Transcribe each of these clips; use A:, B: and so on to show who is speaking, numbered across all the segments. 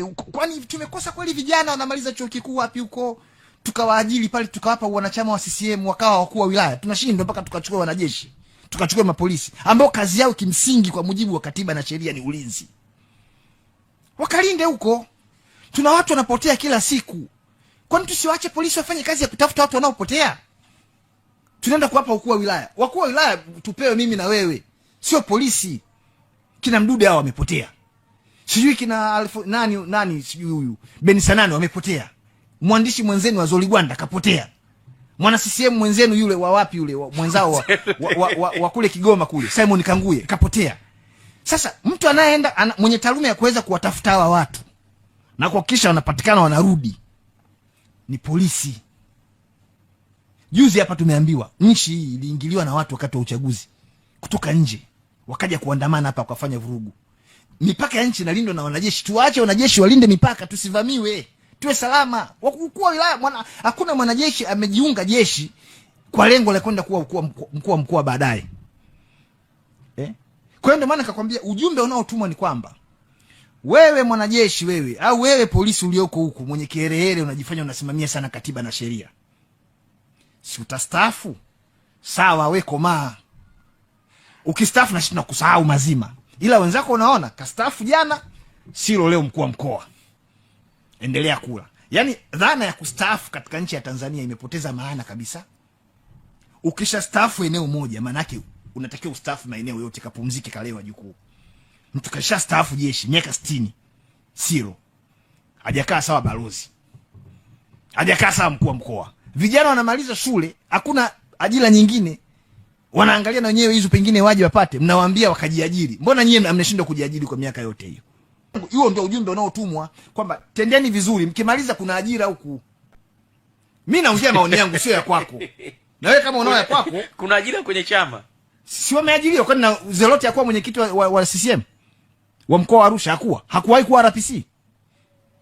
A: E, kwani tumekosa kweli? Vijana wanamaliza chuo kikuu wapi huko, tukawaajili pale, tukawapa wanachama wa CCM wakawa wakuu wa wilaya, tunashindwa mpaka tukachukua wanajeshi, tukachukua mapolisi ambao kazi yao kimsingi kwa mujibu wa katiba na sheria ni ulinzi, wakalinde huko. Tuna watu wanapotea kila siku, kwani tusiwaache polisi wafanye kazi ya kutafuta watu wanaopotea? Tunaenda kuwapa ukuu wa wilaya, wakuu wa wilaya tupewe mimi na wewe, sio polisi. Kina Mdude hao wamepotea sijui kina alfu, nani nani sijui huyu Benisanane wamepotea, mwandishi mwenzenu wa Zoligwanda kapotea, mwana CCM mwenzenu yule wa wapi yule wa, mwenzao wa, wa, wa, wa, wa kule Kigoma kule Simon Kanguye kapotea. Sasa mtu anayeenda ana, mwenye taaluma ya kuweza kuwatafuta hawa watu na kuhakikisha wanapatikana wanarudi ni polisi. Juzi hapa tumeambiwa nchi hii iliingiliwa na watu wakati wa uchaguzi kutoka nje, wakaja kuandamana hapa wakafanya vurugu mipaka ya nchi inalindwa na wanajeshi. Tuwaache wanajeshi walinde mipaka, tusivamiwe, tuwe salama. Wakuu wa wilaya mwana, hakuna mwanajeshi amejiunga jeshi kwa lengo la kwenda kuwa mkuu wa mkoa baadaye eh? Kwa hiyo ndio maana nikakwambia ujumbe unaotumwa ni kwamba wewe mwanajeshi wewe au wewe polisi ulioko huku mwenye kiherehere unajifanya unasimamia sana katiba na sheria, si utastaafu sawa? We komaa, ukistaafu na sisi tunakusahau mazima ila wenzako unaona kastaafu jana, silo leo mkuu wa mkoa, endelea kula. Yani dhana ya kustaafu katika nchi ya Tanzania imepoteza maana kabisa. Ukisha staafu eneo moja, maanake unatakiwa ustaafu maeneo yote, kapumzike kalewa jukuu. Mtu kasha staafu jeshi miaka stini silo ajakaa sawa balozi, ajakaa sawa mkuu wa mkoa. Vijana wanamaliza shule, hakuna ajira nyingine wanaangalia na wenyewe hizo, pengine waje wapate, mnawaambia wakajiajiri. Mbona nyie mnashindwa kujiajiri kwa miaka yote hiyo? Huo ndio ujumbe unaotumwa kwamba tendeni vizuri, mkimaliza kuna ajira huku. Mimi naongea maoni yangu, sio ya kwako. Na wewe kama unaona ya kwako,
B: kuna ajira kwenye chama,
A: si wameajiriwa? Kwani na Zelote hakuwa mwenyekiti wa, wa, wa CCM wa mkoa wa Arusha? Hakuwa, hakuwahi kuwa RPC,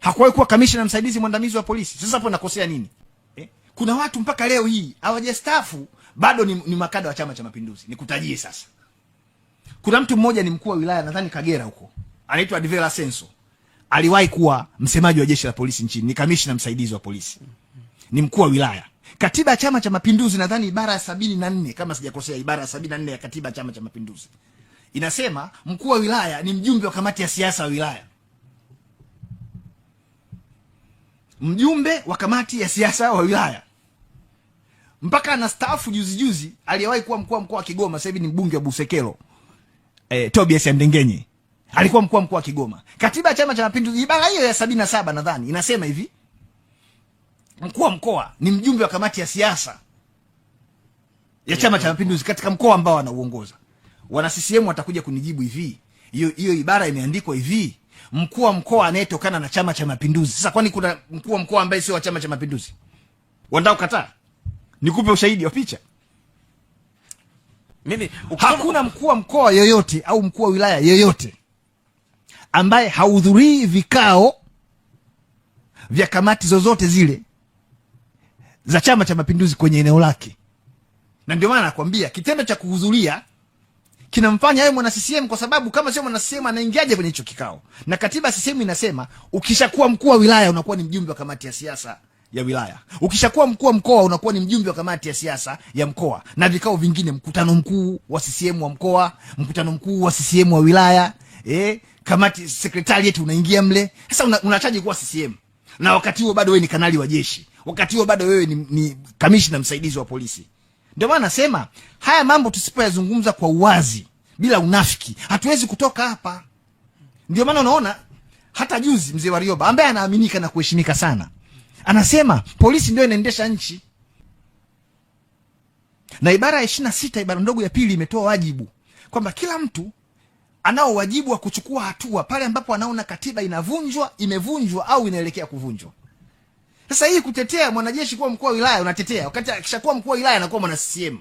A: hakuwahi kuwa kamishna msaidizi mwandamizi wa polisi. Sasa hapo nakosea nini eh? Kuna watu mpaka leo hii hawajastaafu bado ni, ni makada wa Chama cha Mapinduzi. Nikutajie sasa, kuna mtu mmoja ni mkuu wa wilaya nadhani Kagera huko anaitwa Advera Senso, aliwahi kuwa msemaji wa jeshi la polisi nchini, ni kamishna msaidizi wa polisi, ni mkuu wa wilaya. Katiba ya Chama cha Mapinduzi nadhani ibara ya sabini na nne kama sijakosea, ibara ya sabini na nne ya katiba ya Chama cha Mapinduzi inasema mkuu wa wilaya ni mjumbe wa kamati ya siasa wa wilaya, mjumbe wa kamati ya siasa wa wilaya mpaka anastaafu juzi juzi, aliyewahi kuwa mkuu wa mkoa wa Kigoma, sasa hivi ni mbunge wa Busekelo, eh, Tobias Mdengenyi alikuwa mkuu wa mkoa wa Kigoma. Katiba ya Chama cha Mapinduzi ibara hiyo ya sabini na saba nadhani inasema hivi, mkuu wa mkoa ni mjumbe wa kamati ya siasa ya Chama cha Mapinduzi katika mkoa ambao anauongoza. Wana CCM watakuja kunijibu hivi, hiyo hiyo ibara imeandikwa hivi, mkuu wa mkoa anayetokana na Chama cha Mapinduzi. Sasa kwani kuna mkuu wa mkoa ambaye sio wa Chama cha Mapinduzi? Wanataka kukataa? nikupe ushahidi wa picha. Mimi hakuna mkuu wa mkoa yoyote au mkuu wa wilaya yoyote ambaye hahudhurii vikao vya kamati zozote zile za Chama cha Mapinduzi kwenye eneo lake, na ndio maana nakwambia kitendo cha kuhudhuria kinamfanya awe mwana CCM, kwa sababu kama sio mwana CCM anaingiaje kwenye hicho kikao? Na katiba CCM inasema ukishakuwa mkuu wa wilaya unakuwa ni mjumbe wa kamati ya siasa ya wilaya. Ukishakuwa mkuu wa mkoa unakuwa ni mjumbe wa kamati ya siasa ya mkoa na vikao vingine, mkutano mkuu wa CCM wa mkoa, mkutano mkuu wa CCM wa wilaya, eh, kamati secretariat unaingia mle. Sasa una, unachaji kuwa CCM. Na wakati huo bado wewe ni kanali wa jeshi. Wakati huo bado wewe ni, ni kamishna msaidizi wa polisi. Ndio maana nasema haya mambo tusipoyazungumza kwa uwazi bila unafiki, hatuwezi kutoka hapa. Ndio maana unaona hata juzi mzee Warioba ambaye anaaminika na kuheshimika sana Anasema polisi ndio inaendesha nchi, na ibara ya ishirini na sita ibara ndogo ya pili imetoa wajibu kwamba kila mtu anao wajibu wa kuchukua hatua pale ambapo anaona katiba inavunjwa, imevunjwa au inaelekea kuvunjwa. Sasa hii kutetea mwanajeshi kuwa mkuu wa wilaya unatetea, wakati akishakuwa mkuu wa wilaya anakuwa mwana CCM.